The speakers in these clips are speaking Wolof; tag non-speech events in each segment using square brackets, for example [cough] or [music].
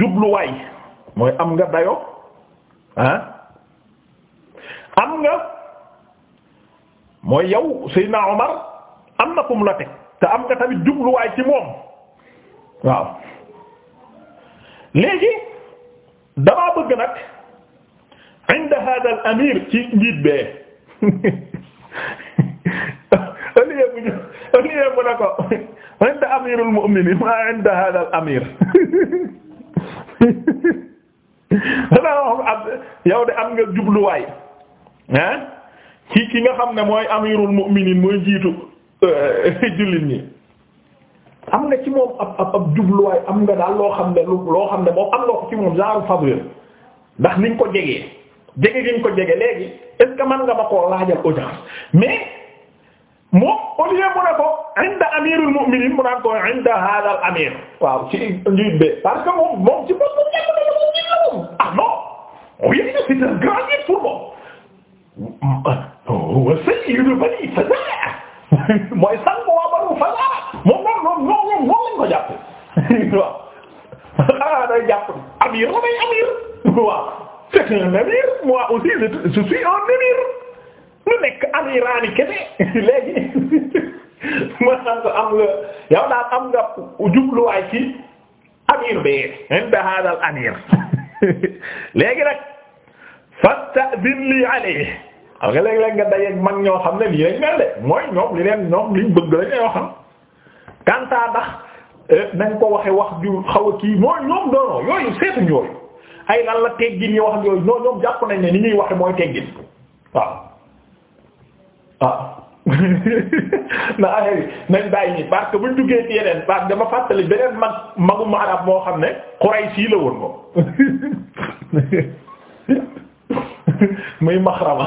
jubluwaay mooy am nga dayo ah am nga mooy yow Seydina Omar am na kum la te am nga tamit jubluwaay ci moom waaw léegi damaa bëgg nag inda hada amir ci njiit bee [laughs] aliye buñu aliye bu na ko inda amirul mu'minin ma [laughs] yow de am nga jubluwaay ah ci ki nga xam ne mooy amirul mu'minin mooy jiitu euh, [laughs] jullit ñi am nga ci moom ab ab ab jubluwaay am nga daal loo xam ne loo xam ne moom am nga ko ci moom genre faveur ndax niñ ko jegee jege giñ ko jege léegi est mën nga ma koo laajal audience mais moom au lieu mu ne ko inda amirul mu'minin mu naan ko inda hadal amir waaw ci njiit bi parce que moom moom ci boppam ñebe la moom ñebe la moom ah non oui c'est un grand guide pour moom wa sayyidu bani Faza'a mooy sànq waa banu Faza'a moom noonu noonu noonu lañ ko jàppee waaw ah day jàpp amir la day amir waaw c'est un amir moi aussi je suis un amir. lu nekk amiraani kese léegi maanaam am nga yow daal am nga jubluwaay ci amir bi inda hada al amir léegi nag fasta'din li alayhi xam nga léeg-léeg nga dajeeg mag ñoo xam ne lii lañ mel de mooy ñoom li leen ñoom liñ bëgg lañ ñoo kantaa ndax eh, nañ ko waxe wax ju xaw a kii mooy ñoom doonoo yooyu seetuñ yooyu ay lan la teggin yi wax yooyu ñoo ñoom jàpp nañ ne ni ñuy waxe mooy teggin waaw ah [laughs] na affaire yi nañ bàyyi nii parce duggee ci yeneen parce que dama fàttali beneen mag magum arab moo xam ne Quraysi la woon moom [laughs] muy Maxrama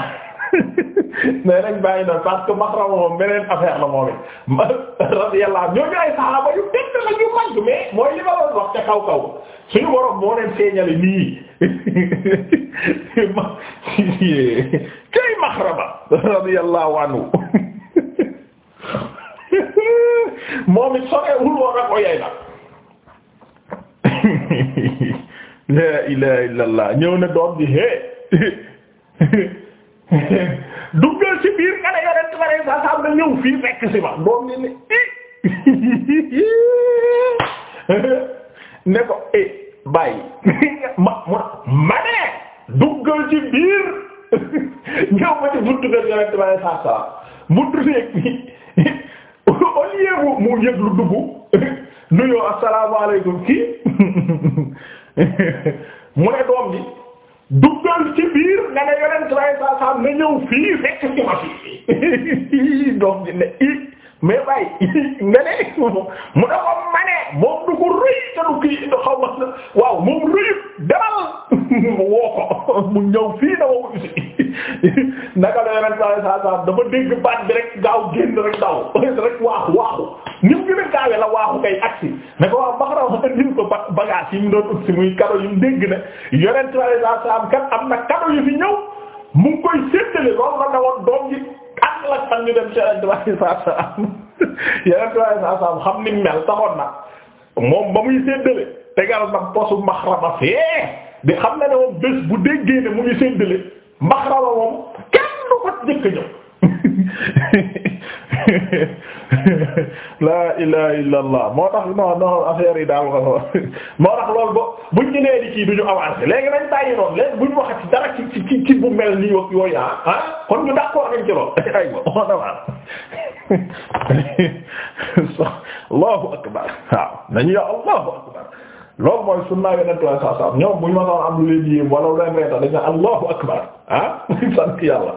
[laughs] mais nag bàyyi na parce que maxram moom beneen affaire la moom it radiyallahu ay saxaaba yu tedd la ñu mag mais mooy li ma doon wax ca kaw kaw suñu borom moo leen feeñale nii [laughs] [laughs] kay maxrama radiyallahu anhu moom it soreewul woon ak oyay la la ilaha illallah ñëw na doom ji hee [laughs] duggal ci biir nga ne yonent ba ne saa saa nga ñëw fii fekk si ma doom ne eh. [laughs] ne ko eh bàyyi [laughs] ma ma ne duggal ci biir ñëw ba ci buntu kër yonent ba ne saa saa buntu néeg bi au lieu mu mu yëg lu dugg nuyoo assalaamu alaykum kii mu ne doom bi duggal ci biir nga ne yonent lay saa saa fii fekk ci ma fii [laughs] doom ji ne it mais bay [laughs] nga [laughs] mu ne ko mane moom du ko rëy te du kii xaw ma waaw moom rëyut demal mu woo mu ñëw fii dama ko gis naka la yonent lay saa saa dégg baat bi rek gaaw génn rek daw rek waaxu waaxu ni mu gën a gaawe la waaxu kay agsi ne ko waaw baxaraw andil ko ba bagage yi mu doon ut si muy kado yi mu dégg ne yonent bi sallallahu alayhi wasallam kat am na kado yu fi ñëw mu ngi koy séddale loolu la ne woon doom ji ànd la xam ni mel taxoon na moom ba muy séddale tegal nag posu maxrama fee di xam ne ne moom bés bu déggee ne mu ngi séddale maxrama moom kenn du ko jëkk ñëw [laughs] [laughs] la ilaha illa allah moo tax non non affaire yi daal [laughs] moo tax loolu ba buñ ñu nee di kii duñu avancé léegi nañ bàyyi noonu léegi buñ waxee ci dara ci ci ci bu mel nii wax yooyu ah ah kon a d'accord nañ ci lool [laughs] aywa on avance allahu akbar waaw nañu yow allahu akbar loolu mooy sunna yeneen tuwaay saa saa ñoom bu ñu ma doon am lu leen yéem wala lu leen reetal dañ ne allahu akbar ah sant yàlla.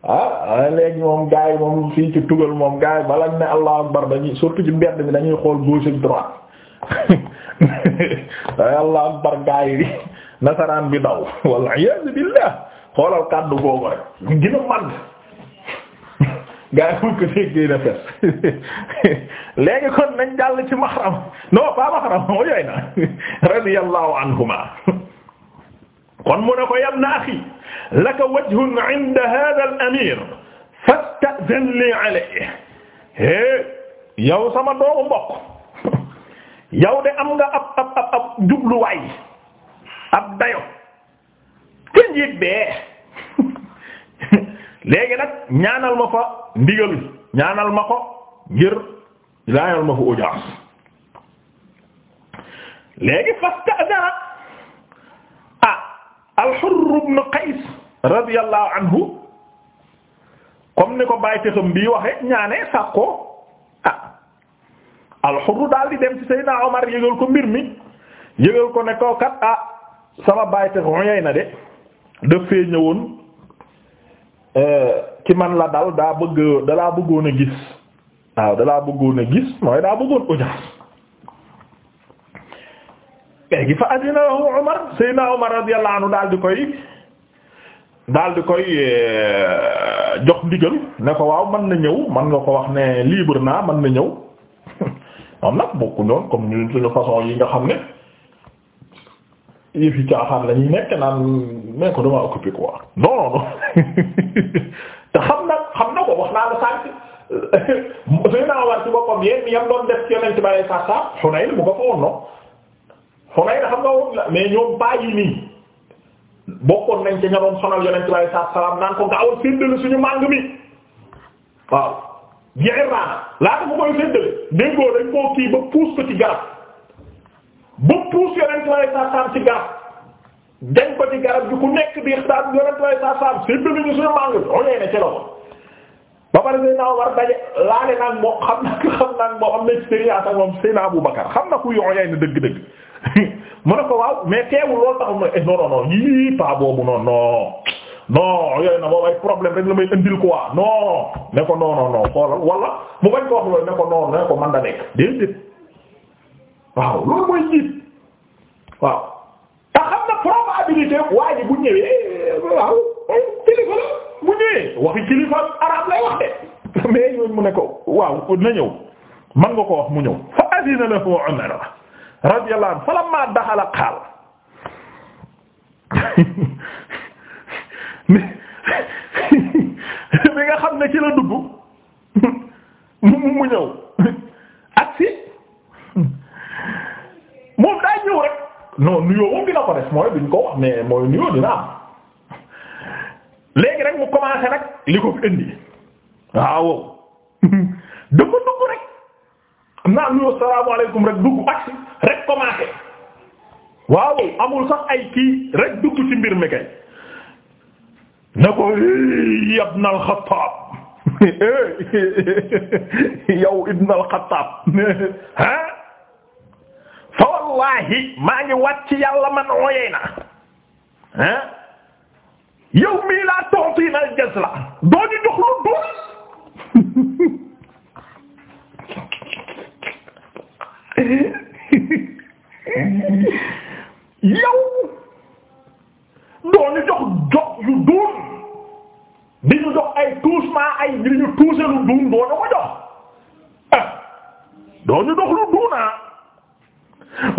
Ah, ah léegi moom gars yi moom fii ci tugal moom gars yi bala ne allahu akbar dañuy surtout ci mbedd mi dañuy xool gauche ak droite [laughs] eh, allahu akbar gars yi [laughs] nasaraan bi daw [laughs] walla iyaazu billaah xoolal kàddu googu rek gën a màgg gars yi mu ko léegi kon nañ jàll ci mahram non pas mahram moo yooy na radiyallahu anhuma kon mu ne ko yabna axi laka wajhun inda hada al amir fasta'zin li alayhi é yow sama doomu mbokk [laughs] yow de am nga ab ab ab ab jubluwaay ab dayo te njiit bee [laughs] léegi nag ñaanal ma fa ndigal ñaanal ma ko ngir ñaanal ma fa audience léegi fasta'zin Amr ibn Qays radiyallahu anhu comme ni ko bàyyi tëxam bii waxe ñaane sax ko ah alxurru daal di dem ci Seydina Omar yëgal ko mbir mi yëgal ko ne ko kat ah sama bàyyi tëx yey na de daf ñëwoon euh, ci man la dal daa bëgg dalaa bëggoon a gis waaw dalaa bëggoon a gis mooy daa bëggoon audience léegi fa adina lahu Umar Seydina Umar radiyallahu anhu daal di koy daal di koy eh, jox ndigal ne ko waaw man na ñëw man nga ko wax ne libre naa mën na ñëw [laughs] moom nag bokku ñoon comme ñun suñu façon yi nga xam ne nekk naan mais ko dama occupé quoi non non non [laughs] te xam na xam na ko wax naa la sànq [laughs] Seydina Umar ci boppam yéen mi yam doon def ci yonent bi sallallahu alayhi mu nga ko Xunayn xam nga woon la mais ñoom bàyyi nii bokkoon nañ ca ña doon sonal Yonent bi sallallahu alayhi wasallam naan ko gaawal séddale suñu màng mi waaw. Ji'irraana laata mu koy séddale déggoo dañ koo kii ba puus ko ci garab ba puus Yonent bi sallallahu alayhi wasallam ci garab dañ ko ci garab gi ku nekk di xaar Yonent bi sallallahu alayhi wasallam séddale ñu suñu màng bi on est ne ci loolu. ba pare sëy naa war daje laale naag moo xam na xam naag moo am na expérience ak moom sëy naa Abu Bakar xam na ku yooyay na dëgg-dëgg [laughs] mu ne ko waaw mais teewul loolu taxul mooy eh non non non yii paa boobu noonu non non yooyu na moom ay problème rek la may indil quoi non ne ko non non non xoolal wala mu bañ ko wax loolu ne ko non ne ko man da nekk déedéet waaw loolu mooy jiit waaw. te eh, la bu ñëwee waxi kilifa araab lay wax de [laughs] mais yooyu mu ne ko w na ñëw man nga ko wax mu ñëw fa adina lahu radiyallahu anhu falamma daxala xaal [laughs] [laughs] mi nga xam ne ci la dugg mu mu ñëw ak si moom daa ñëw rek non nuyoo moom dina ko def mooy duñ ko wax mais mooy nuyoo dina am léegi rek mu commencé nag li ko fi indi waaw [laughs] dafa dugg rek naa nuyoo salaamaaleykum rek dugg ak si rek commencé waaw amul sax ay ki rek dugg ci mbir mi kay na ko ibn al-Khattab [laughs] [laughs] yow ibn al-Khattab [laughs] ha fa wallahi maa ngi wat ci yàlla man ooyey na yow mii laa tontu na la doo ñu jox lu dul [laughs] yow doo ñu jox jox yu duun di ñu jox ay touchement ay di ñu lu duun doo ñu ko jox ah doo ñu jox lu duunaa ah.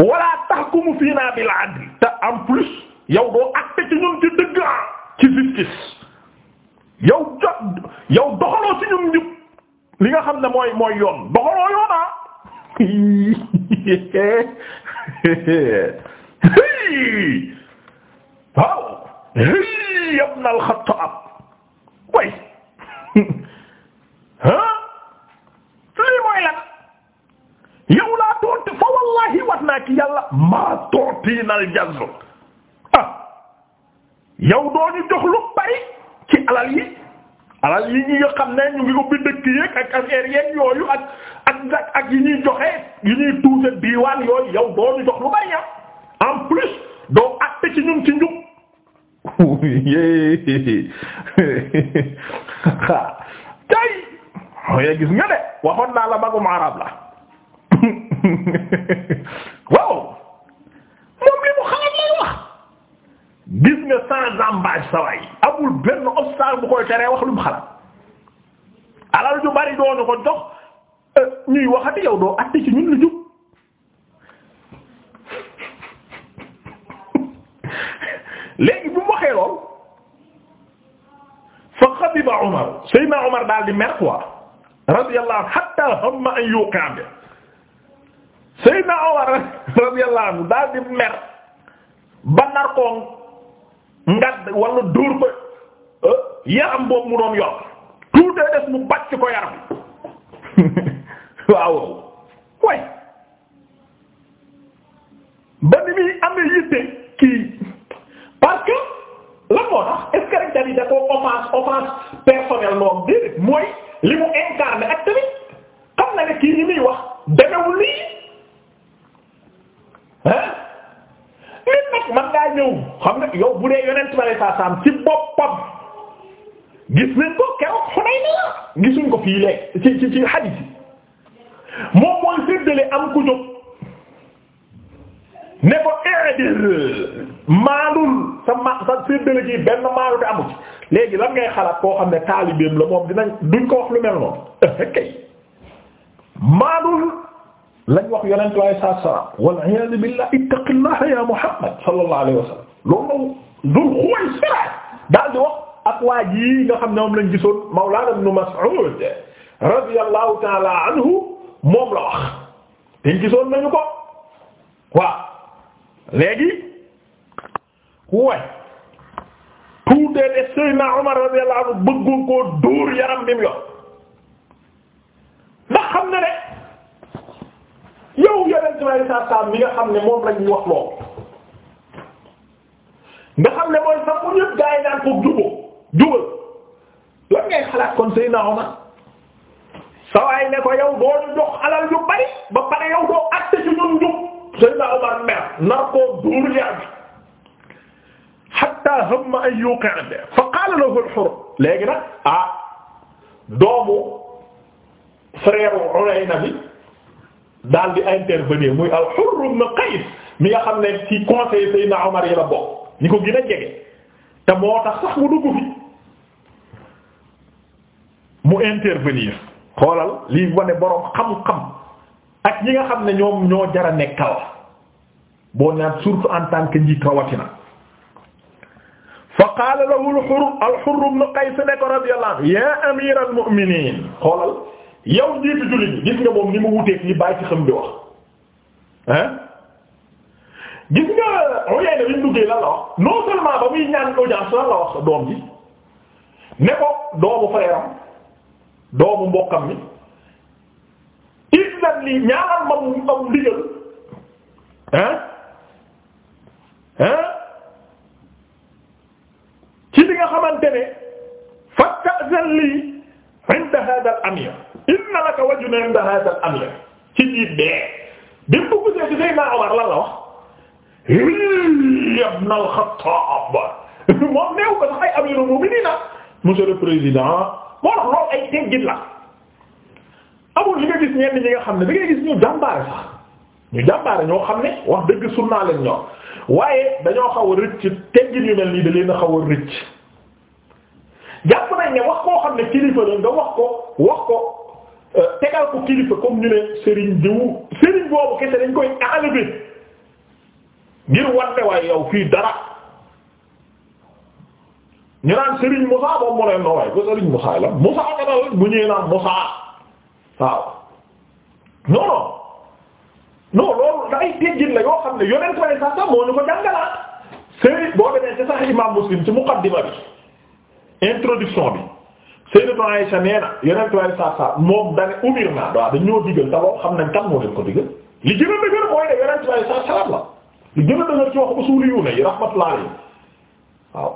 wala tahkumu fiinaa bil adl te en plus yow doo acte ci ñun ci dëgg ah ci justice yow jo doxaloo ci ñun ñu xam ne mooy mooy yoon doxaloo yoonaa ah. waaw ibn al-Khattab way ah lii mooy lan yow laa tontu fa wallahi wat naa ci yàlla maa tontu nal jazz yow doo ñu jox lu bari ci alal yi alal yi ñi nga xam ne ñu ngi ubbi dëkk yeeg ak affaire yooyu ak. zakat ak yi ñuy joxe yi ñuy tuuse diwaan yooyu yow doo jox lu bari ñam ah. en plus doo àtte ci ñun ci njub [laughs] tay mooy gis nga de waxoon naa la magum arab la [laughs] waaw moom li mu xalaat lay wax gis nga sans embâche saway amul benn obstacle bu koy teree wax lu mu xalaat alal ju bari doonu ko jox ñuy waxati yow doo àtte ci ñun lu jub léegi bu mu waxee lool fa xadiba Umar Seydina Umar daal di mer quoi radiyallahu anhu hatta hamma an yuqa bi Seydina Umar radiyallahu anhu daal di mer ba nar ngadd wala dóor ba eh, yaram boobu mu doon yor tuutee des mu ko yaram. waaw way ba ni muy amee yitte kii parce que lan moo tax est-ce que rek mooy li mu incarné ak tamit xam na ne kii li muy wax demewul lii ah nit nag man ngaa ñëw xam nga yow bu dee yonent bi saa saam ci boppam gis nañ ko keroog xunay na la gisuñ fii léegi ci ci ci moom mooy séddale am ku jóg ne ko eedir maanul sa ma sa séddale gi benn maanu te amu ci léegi lan ngay xalaat koo xam ne taalibeem la moom dinañ duñ ko wax lu mel noonu eh, lañ wax yonent waaye saa salaam wal iyaadu billah ittaqillaha ya muhammad sallallahu alayhi wa sallam loolu dul wax ak waa ji nga xam ne moom lañ gisoon mawlaana ibn mas'ud radiyallahu ta'ala anhu moom la wax te gisoon nañu ko waaw léegi way tuutee de Seydina Umar radiyallahu anhu bëggoon koo dóor yaram bi mu yor ndax xam na ne yow yeneen ci may nga xam ne moom lañ wax lool nga xam ne mooy sax ku ñëpp gaa ko jubóo jubal lan ngay xalaat kon Seydina Umar sawaay ne ko yow doo ñu jox alal yu bari ba pare yow doo àtte ci ñun njub Seydina Omar mer nar koo duur yar bi hatta hamma an yuqi'a bi fa qala lahu al-hurr léegi nag ah doomu frère Uyayna bi daal di intervenir muy al-Hurr ibn Qays mi nga xam ne ci conseil Seydina Omar yi la bokk ñi ko gën a jege te moo tax sax mu dugg fi mu intervenir xoolal lii wane boroom xam-xam ak ñi nga xam ne ñoom ñoo jara nekkal boo ñaan surtout en tant que njiit rawatina fa qaala lahu al-Hurr al-Hurr ibn Qays ne ko radiyallahu xoolal yow njiitu jullit ñi gis nga moom ni mu wuteeg li bàyyi ci xam bi wax ah gis nga Uyayna bi ñu duggee lan la wax non seulement ba muy ñaan audience lan la wax doom ji ne doomu frère am doomu mbokkam mi islam lii ñaanal ma mu am ndigal hein hein ci li nga xamante ne fasta'zan lii inda hadha al-amir inna laka wajhan inda hadha al-amir ci jiit bee bi mu bugg see ci Seydina Omar lan la wax ya ibn al-Khattab [laughs] moom néew ko sax ay amirul mu'minin monsieur le président moo tax loolu ay teggin la amul li nga gis ñenn ñi nga xam ne da ngay gis ñu jàmbaare sax ñu jàmbaare ñoo xam ne wax dëgg sunnaa leen ñoo waaye dañoo xaw a rëcc teggin ñu mel nii da leen a xaw a rëcc jàpp nañ ne wax koo xam ne kilifa la nga wax ko wax ko euh, tegal ko kilifa comme ñu ne Serigne diw Serigne boobu kese dañ koy enlever ngir wante waaye yow fii dara. ñu naan Serigne Moussa moom moo leen noo waaye ko Serigne Moussa la Moussa dana la mu ñëwee naan Moussa waaw non non non loolu da ay teggin la yoo xam ne yoneen ko ne sax moo ñu ko jàngalaat Serigne boo demee ci sax Imam Muslim ci muqaddima bi introduction bi Sayyidatu Aisha nee na yoneen ko ne sax sax moom dane umir naa waaw dañ ñoo digal dafa xam nañ kan moo leen ko digal li a dëgër mooy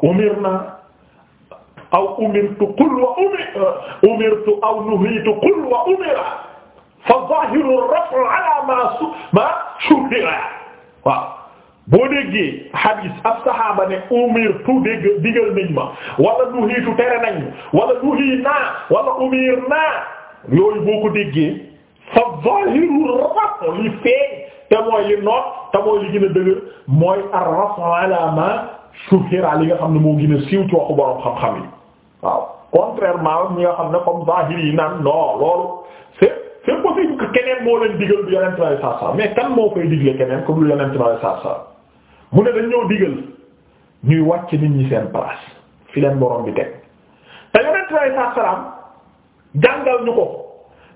umir naa aw umirtu qul wa umira uh, umirtu aw nuhitu qul wa umira fa zahiru raf'u ala ma ma shuhira waaw boo déggee hadis ab saxaaba ne umirtu dégg digal nañ ma wala nuhitu tere nañ wala nuhi naa wala umir naa yooyu boo ko déggee fa zahiru raf'u li feeñ te mooy li noot te mooy li gën a dëgër mooy ar-raf'u ala ma shuhira li nga xam ne moo gën a siiw ci waxu borom xam-xam yi waaw contrairement ñi nga xam ne comme zahiri yi naan non loolu c'est c'est possible keneen moo leen digal du yonent bi saa saa mais kan moo koy digle keneen ko du yonent bi saa saa mu ne dañ ñoo digal ñuy wàcc nit ñi seen place fi leen borom bi teg te yonent bi saa salaam jàngal ñu ko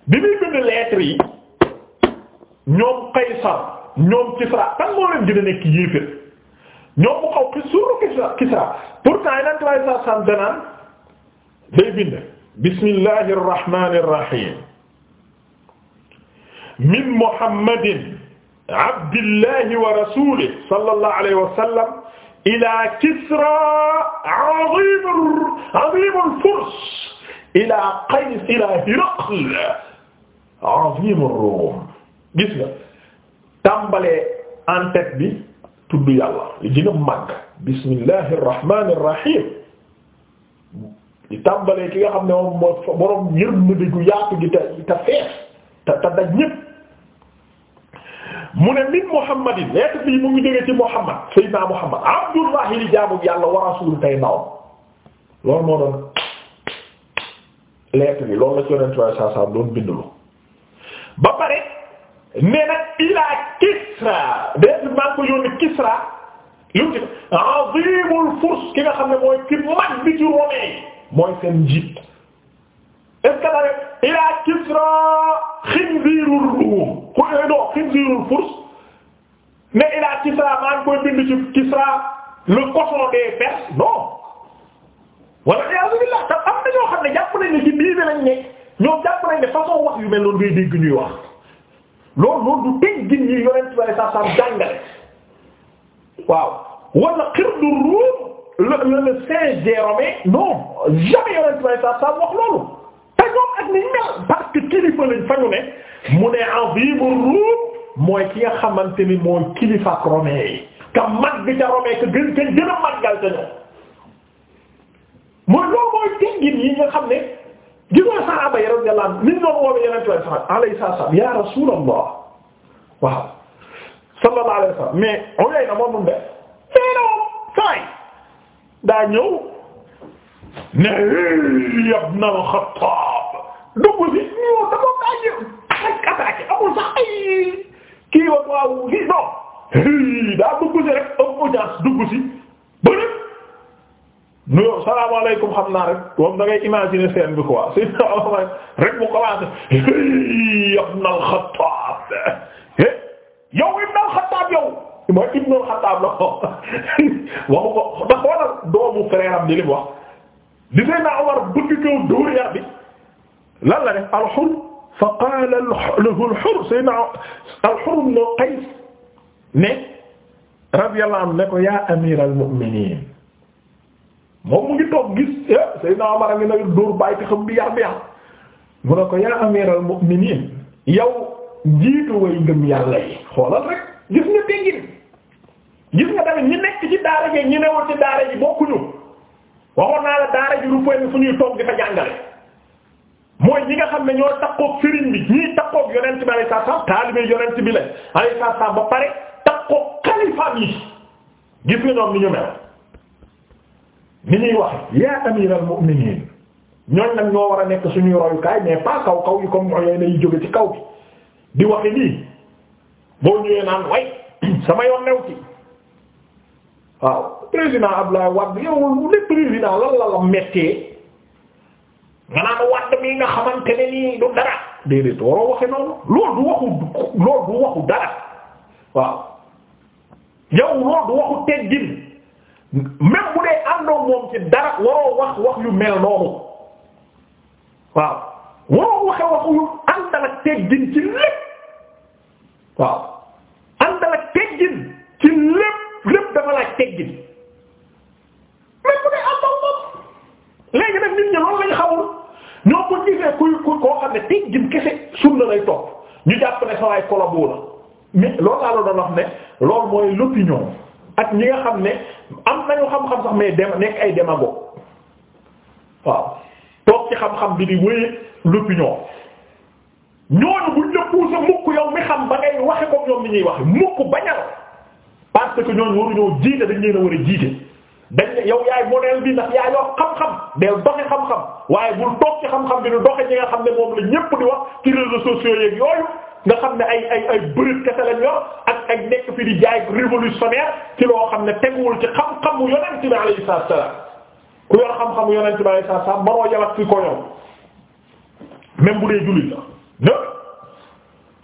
bi muy bind lettres yi ñoom Qaysar ñoom Kisra kan moo leen gën a nekk yéefér ñoom mu xaw ki suru Kisra Kisra pourtant yonent bi saa saa danaan day bind bismillahi irrahmani irrahim min muhammadin abdillahi wa rasulih sallallahu alayhi wa sallam ila kisra azim azim al-furs ila qays ila hiraql azim ar-rum gis nga tàmbalee en tête bi tudd yàlla li gën a màgg bismillahi irrahmani irrahim di tàmbalee ki nga xam ne moom moo borom yërmande gu yaatu gi te te fees te te daj ñépp mu ne min muhammadin lettre bii mu ngi jóge ci muhammad sayyidina muhammad abdullahi li jaamu yàlla wa rasul tay ndawam loolu moo doon lettre bi loolu la ci yonent waaye saa saa doon bindlu ba pare nee nag ilaa kisra lettre maa ko yónni kisra lu ci azimul furs ki nga xam ne mooy ki mag bi ci mooy seen njiit est-ce que la rek ilaa ruum ku doo xinziirul furs ne ilaa Kisra maa koy bind ci Kisra le cochon des Perses non wala iyaazu billaah te am na ñoo xam ne jàpp nañ ne ci diine lañ ne ñoom jàpp nañ ne façon wax yu mel noonu ngay dégg ñuy wax loolu du tëj gin ñi yonent bi sallallahu alayhi waaw wala xirdu ruum le le saint Jérôme non jamais yonent may sa wax loolu te ñoom ak ni mel parce ne mu ne azimu mooy ki nga xamante ni mooy kilifa ak Romain yi ka mag bi ca Romain ka gën ka gën a maggal ca ñoom mooy loolu mooy teggin yi nga xam ne gisoo saxaaba yi radiyallahu anhum ni ñoom woowe yonent way sa alayhi salaam ya rasulallah waaw sallallahu alayhi wa sallam mais Uyayna moom mu def daa ñëw ne ibn al-Khattab dugg si ñëw dafa daa ay attaqué kii wa waaw kii non daa dugg rek am audience dugg si bëri nuyoo salaamaaleykum xam naa rek moom da ngay imaginer scène bi quoi [laughs] si rek mu commencé ibn al-Khattab [laughs] yow ibn al-Khattab yow mooy Ibnul Xattaab la ko [laughs] waxu ko da xoolal doomu frère wax di fay naa war bëgg kaw dóor bi lan la def alxur fa qaala lahu alxur say naa alxur ibnu Qays ne radiyallahu anhu ne ko yaa amiiral mu'miniin moom mu ngi toog gis eh, Seydina Omar a ngi nag dóor bàyyi te xam bi yar bi yar mu ne ko yaa amiral way ngëm yàlla yi xoolal rek gis nga teggin gis nga tamit ñi nekk ci daara ji ñi newul ci daara ji bokkuñu waxoon naa la daara ji lu poy ni fu ñuy toog di fa jàngale mooy ñi nga xam ne ñoo takkoog sëriñ bi ñii takkoog yonent bi alayhi salaam taalibe yonent bi la alayhi salaam ba pare takkoog xalifa bi gis nga ñoom ni ñu mel ni ñuy wax yaa amiral mu'minin ñooñ nag ñoo war a nekk suñuy royukaay mais pas kaw kaw yi comme ñoo lay jóge ci kaw bi di waxe nii boo ñëwee naan way [clears throat] sama yoon new ci waaw président Abdoulaye Wade yow lu ne président lan la la nga naan Wade mi nga xamante ne nii du dara déedéet waroo waxe noonu loolu du waxu loolu du waxu dara waaw yow loolu du waxu teggin même bu dee àndoo moom ci dara waroo wax wax yu mel noonu waaw waroo waxe waxu yu àndal ak ci lépp waaw àndal ak teggin lépp dafa laaj teggin na léegi nag nit ñi loolu lañ xamul ñoo ko gisee kuy ku koo xam ne teggin kese sunna lay topp ñu jàpp ne sa waay la mais loolu la doon wax ne loolu mooy l'opinion ak ñi nga xam ne am nañu xam-xam sax mais dem nekk ay démagogue waaw toog ci xam-xam bi di wéye l'opinion ñooñu buñ la puus a mukk yow mi xam ba ngay waxe ko ñoom ni ñuy waxe mukk bañal parce que ñooñu waruñoo jiite dañ leen a war a jiite dañ ne yow yaay modèle bi ndax yaa yor xam-xam del doxe xam-xam waaye bul toog ci xam-xam bi du doxe ñi nga xam ne moom la ñépp di wax ci réseaux sociaux yeeg yooyu nga xam ne ay ay ay bërit ak ay nekk fi di jaay révolutionnaire ci loo xam ne teguwul ci xam-xamu yonent bi alayhi salaam ku yor xam-xamu yonent bi alayhi salaam baroo yow ak ki ko yor même bu dee jullit la ne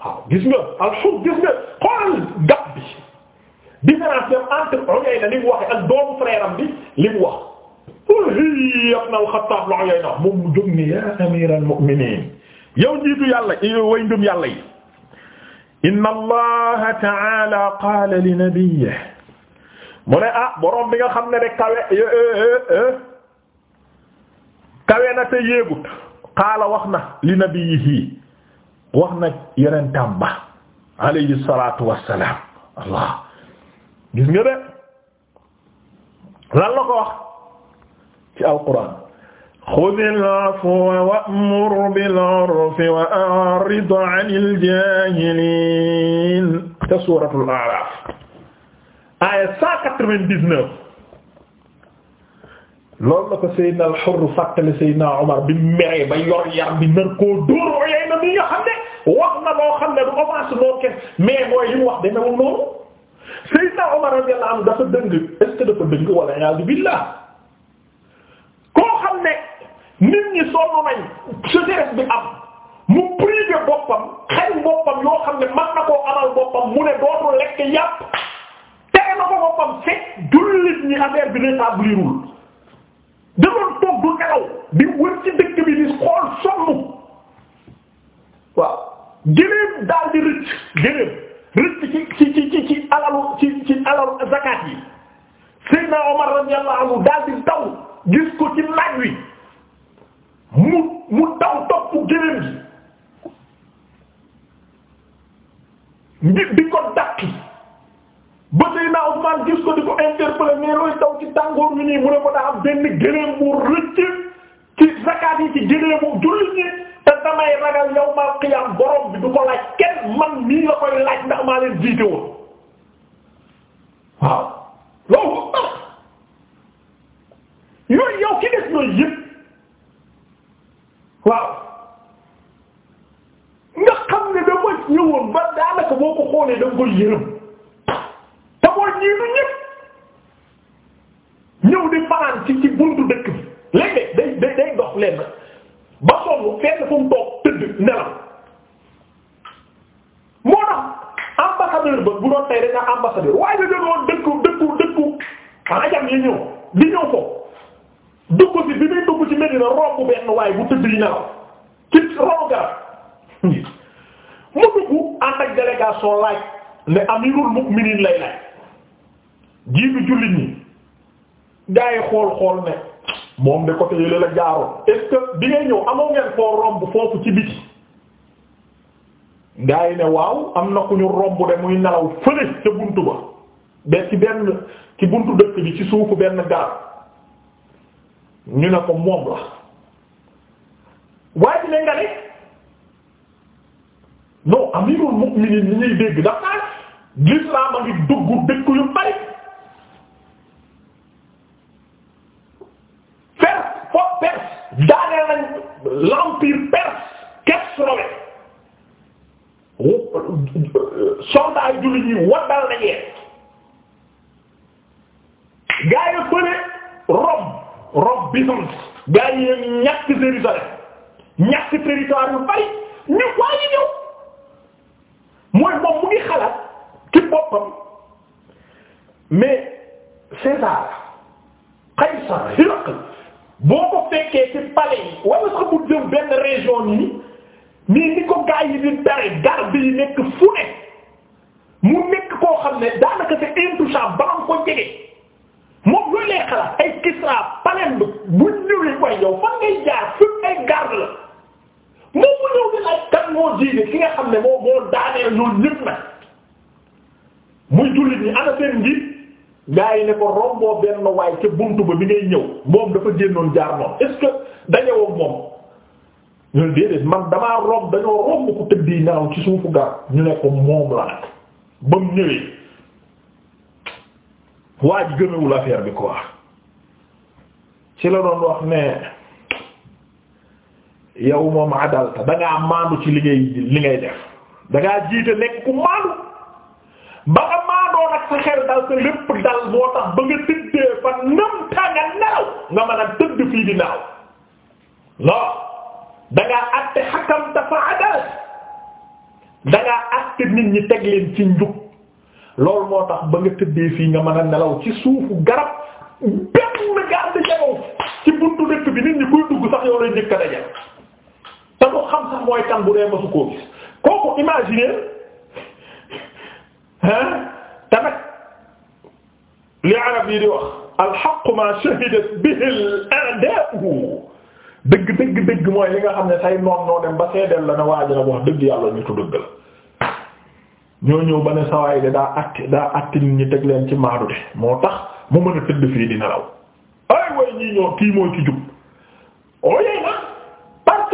waaw gis nga alxum gis nga xoolal gab différence bi entre Uyayna li mu waxee ak doomu frère am bi li mu wax. ibn al-Khattab la Uyayna moom mu jóg yaa amiral mu'minin yow njiitu yàlla way ndum yàlla yi. inna allaha ta'ala qaala li nabiyyihi mu ne ah borom bi nga xam ne rek kawe eh, eh, eh, kawe na te yéegut qaala wax na li nabiyyihi wax na yeneen tàmba alayhi salatu wassalam allah gis nga de lan la ko wax ci alquran xudil afwa bil urfi wa a'rid 'anil jaahiliin te suuratul a'raaf aaya al-Hurr fàttali Seydina Omar bi meree ba yor yar bi nar koo dóor yey na mi nga xam ne wax na loo xam ne du avance noo kes mais mooy li mu wax demewul Seydina Omar radiyallahu da dafa dëng est-ce que dafa dëng wala yaa billah koo xam ne nit ñi sonn nañ sécheresse bi am mu privé boppam xañ boppam yoo xam ne mën na koo amal boppam mu ne dootul lekk yàpp tere na boppam fekk jullit ñi affaire bi rétablirul da doon du nelaw di wër dëkk bi di xool sonn waaw gëléem daal di rëcc gëléem. rëcc ci ci ci ci ci alalu ci ci alalu zakat yi Seydina Omar radiyallahu anhu daal di daw gis ko ci naaj wi mu mu daw topp gëléem gi ngir di ko dàqi ba Seydina Ousmane gis ko di ko interpeller mais looy daw ci tàngoor wi nii mu ne ko daa am benn gëléem bu rëcc ci zakat yi ci gëléemu jullit ñi te damay ragal yawmal qiyaam borom bi du ko laaj kenn man mii la koy laaj ndax maa leen jiite woon waaw loolu tax yooyu yow ki des yooyu yëpp waaw nga xam ne da ma ñëwoon ba daanaka boo ko xoolee da nga koy yërëm gaa yi ne waaw am na ku ñu romb de muy nelaw fële ca buntu ba ba ci benn ci buntu dëkk bi ci suufu benn garab ñu ne ko moom la waaye dina nga ne non amirul mu'minin ni ñuy dégg ndax naa l'islam dëkk yu bari Perse fo Perse daaneel nañ l'empire Perse Kers Romain soldat yu jullit ñi waddal na ñeen gaa yi fële Rome Rome Byzance gaa yi yéen ñàkk Jérusalem ñàkk territoire yu bari ñu waa yi ñëw mooy moom mu ngi xalaat ci boppam mais César Qaysar Hiraql boo ko fekkee ci palais yi wala sax mu jëm benn région nii mais ni ko gaa yi di tere garab yi nekk fu ne mu nekk koo xam ne daanaka c'est intouchable ba nga ko jege moom loolu lay xalaat ay Kisra Palembang bu ñëwee ñu koy yow fan ngay jaar fu ay garde la moom mu ñëw di laaj kan moo jiite ki nga xam ne moo moo daaneel ñun ñëpp na muy jullit ñi ana seen gaa yi ne ko romboo benn waay ca bunt ba bi ngay ñëw moom dafa génnoon jaar moom est dañoo moom. ñun déedéet man damaa romb dañoo romb ku tëddee naaw ci suufu garab ñu ne moom la nag ba mu ñëwee waa ji gëmewul affaire bi quoi ci la doon wax ne yow moom adalta da ngaa ci li ngay li ngay def da jiite nekk ku maandu ba nga maandoo nag sa xel dal sa lépp dal moo tax ba nga tëddee fa nam ta naaw nga mën a tëdd fii di naaw non. dangaa àtte xakamta fa adalt dangaa àtte nit ñi teg ci njub loolu moo tax ba nga tëddee fii nga mën a nelaw ci suufu garab benn garde jagaw ci buntu dëkk bi nit ñi kuy dugg sax yow lay njëkk a ko xam sax mooy kan bu dee masu kooku imaginer hein te li arab yi di wax alxaqu ma shahidat bihi al dëgg dëgg dëgg mooy li nga xam ne say noon noo dem ba seedeel la ne waa nag wax dëgg yàlla ñu tudd dëgg la ñoo ñëw ba ne sawaay de daa atti daa atti ñi teg leen ci maadu de moo tax mu mën a tëdd fii dina law ay way ñii ñoo kii mooy ci jub oo yee na parce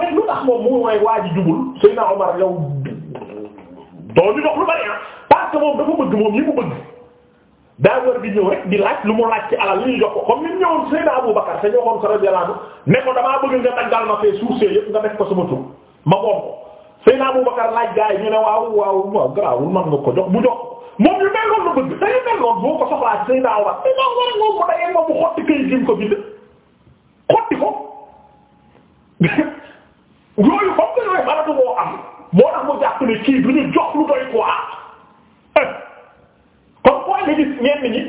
que lu tax moom mu mooy waa ji jubul Seydina Omar yow doo ñu jox lu bari ah. parce que moom dafa bëgg moom yi mu bëgg daa war di ñëw rek di laaj lu mu laaj ci alal li ñu jox ko comme ni mu ñëwoon Seydina Abu Bakar te ñoo xam sa radiyallahu anhu ne ko damaa nga daggal ma fee suuf see yëpp nga def ko sama tur ma moom ko Seydina Abu Bakar laaj gaa yi ñu ne waaw waaw garaawul man nga ko jox bu jox moom yu mel noonu la bëgg te yu mel noonu Abu Bakar te ñoo war a ñëw mu dayee moom mu xotti këy ko bind xotti ko [laughs] yooyu comme que yooyu xanaa du moo mooy nga gis ñenn ñi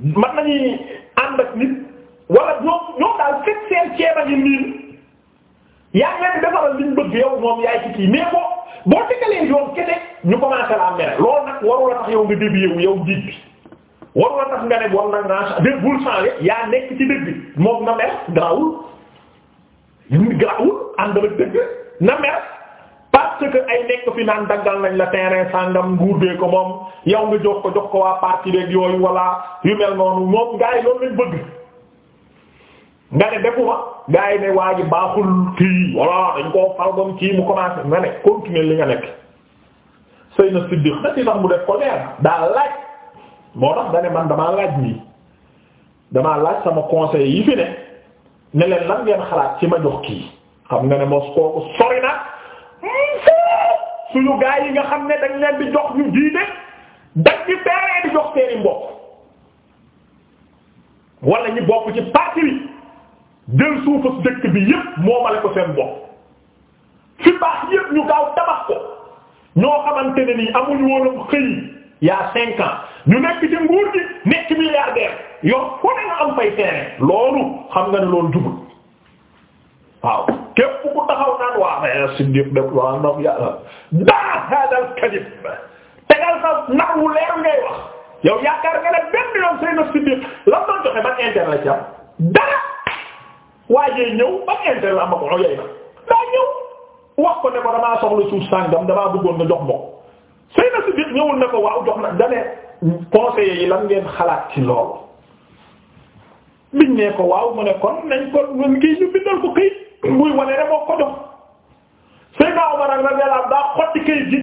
mën nañuy ànd ak nit wala ñoom ñoom daal fekk seen ceeb ngi nii yaa ngi defaral liñ bëgg yow moom yaay ci kii mais boo boo tegalee yoon kese ñu commencé la mere loolu nag warul a tax yow nga dévié wu yow njiit bi warul a tax nga ne war na naa dé bul yaa nekk ci dëgg moom na mer grawul grawul ànd ak dëgg na mer parce que ay nekk fi naan daggal nañ la terrain sàngam nguurdee ko moom yow nga jox ko jox ko waa parti rek yooyu wala yu mel noonu moom gars yi loolu lañ bëgg nga ne defuma gars yi ne waa baaxul kii wala dañ koo fal bam kii mu commencé nga ne continuer li nga nekk Seydina Siddiq na ci tax mu def ko leer daa laaj moo tax da ne man damaa laaj nii damaa laaj sama conseil yi fi ne ne lan ngeen xalaat ci ma jox kii xam nga ne mos kooku sori na suñu gaa yi nga xam ne dañ leen di jox ñu jiite dagg ci terrain di jox seeni mbokk wala ñu bokk ci parti bi jël suufu dëkk bi yépp moomale ko seen mbokk fi baax yépp ñu gaaw tabax ko ñoo xamante ne nii amuñu woon xëy yaa cinq ans ñu nekk ci nguur gi nekk milliardaire yow fu ne nga am fay terrain loolu xam nga ne loolu jubul waaw képp ku taxaw naan waa mais Siddiq def waa ndox yàlla daa hadal kadib tegal sa nax wu ngay wax yow yaakaar nga ne benn yoon lan doon joxe ban intérêt la ci am dara waajee ñëw ban ko yey na daa ñëw wax ko ne ko damaa soxla suuf sàngam damaa bëggoon nga jox ma ko Seydina Siddiq ñëwul ne ko waaw jox na dane conseiller yi lan ngeen xalaat ci loolu biñ ne ko waaw mu ne kon nañ ko ñun kii ñu bindal ko këyit muy wane ne moo ko jox Seydina Omar radiyallahu anhu daa xotti këyit gi